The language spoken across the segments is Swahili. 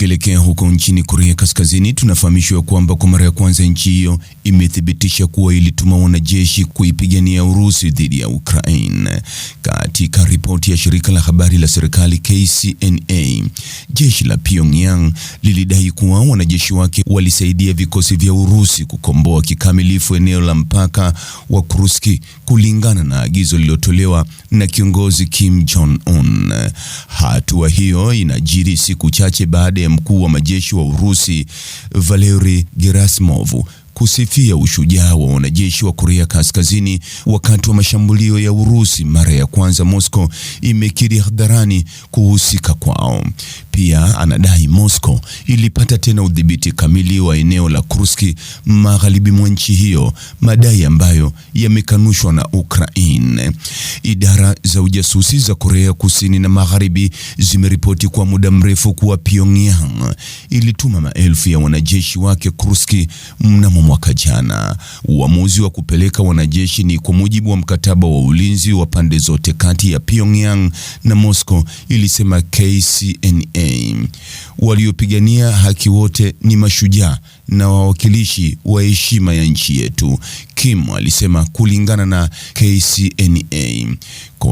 Tukielekea huko nchini Korea Kaskazini, tunafahamishwa kwamba kwa mara ya kwanza nchi hiyo imethibitisha kuwa ilituma wanajeshi kuipigania Urusi dhidi ya Ukraine. Katika ripoti ya shirika la habari la serikali KCNA, jeshi la Pyongyang lilidai kuwa wanajeshi wake walisaidia vikosi vya Urusi kukomboa kikamilifu eneo la mpaka wa Kursk kulingana na agizo lililotolewa na kiongozi Kim Jong Un. Hatua hiyo inajiri siku chache baada ya ya mkuu wa majeshi wa Urusi Valeri Gerasimov kusifia ushujaa wa wanajeshi wa Korea Kaskazini wakati wa mashambulio ya Urusi. Mara ya kwanza Moscow imekiri hadharani kuhusika kwao. Pia anadai Moscow ilipata tena udhibiti kamili wa eneo la Kursk magharibi mwa nchi hiyo, madai ambayo yamekanushwa na Ukraine. Idara za ujasusi za Korea Kusini na Magharibi zimeripoti kwa muda mrefu kuwa Pyongyang ilituma maelfu ya wanajeshi wake Kursk mnamo mwaka jana. Uamuzi wa kupeleka wanajeshi ni kwa mujibu wa mkataba wa ulinzi wa pande zote kati ya Pyongyang na Moscow, ilisema KCNA. Waliopigania haki wote ni mashujaa na wawakilishi wa heshima ya nchi yetu, Kim alisema kulingana na KCNA. Kwa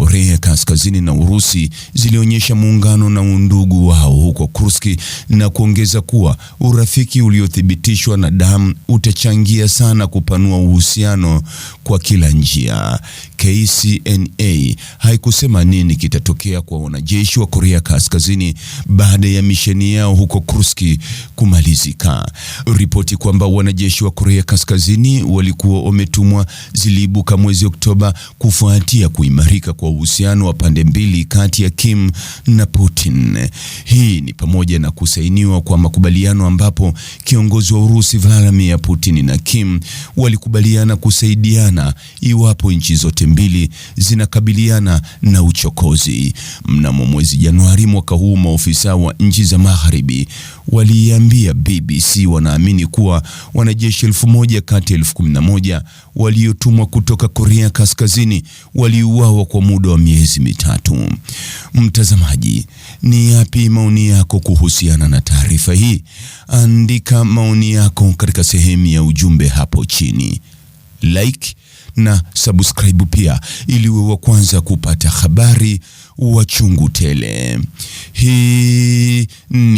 Kaskazini na Urusi zilionyesha muungano na undugu wao huko Kursk na kuongeza kuwa urafiki uliothibitishwa na damu utachangia sana kupanua uhusiano kwa kila njia. KCNA haikusema nini kitatokea kwa wanajeshi wa Korea Kaskazini baada ya misheni yao huko Kursk kumalizika. Ripoti kwamba wanajeshi wa Korea Kaskazini walikuwa wametumwa ziliibuka mwezi Oktoba kufuatia kuimarika kwa uhusiano wa pande mbili kati ya Kim na Putin. Hii ni pamoja na kusainiwa kwa makubaliano ambapo kiongozi wa Urusi Vladimir Putin na Kim walikubaliana kusaidiana iwapo nchi zote mbili zinakabiliana na uchokozi. Mnamo mwezi Januari mwaka huu, maofisa wa nchi za Magharibi waliambia BBC wanaamini kuwa wanajeshi elfu moja kati ya elfu kumi na moja waliotumwa kutoka Korea Kaskazini waliuawa kwa muda wa miezi mitatu. Mtazamaji, ni yapi maoni yako kuhusiana na taarifa hii? Andika maoni yako katika sehemu ya ujumbe hapo chini. Like na subscribe pia ili uwe wa kwanza kupata habari wa chungu tele. Hii ni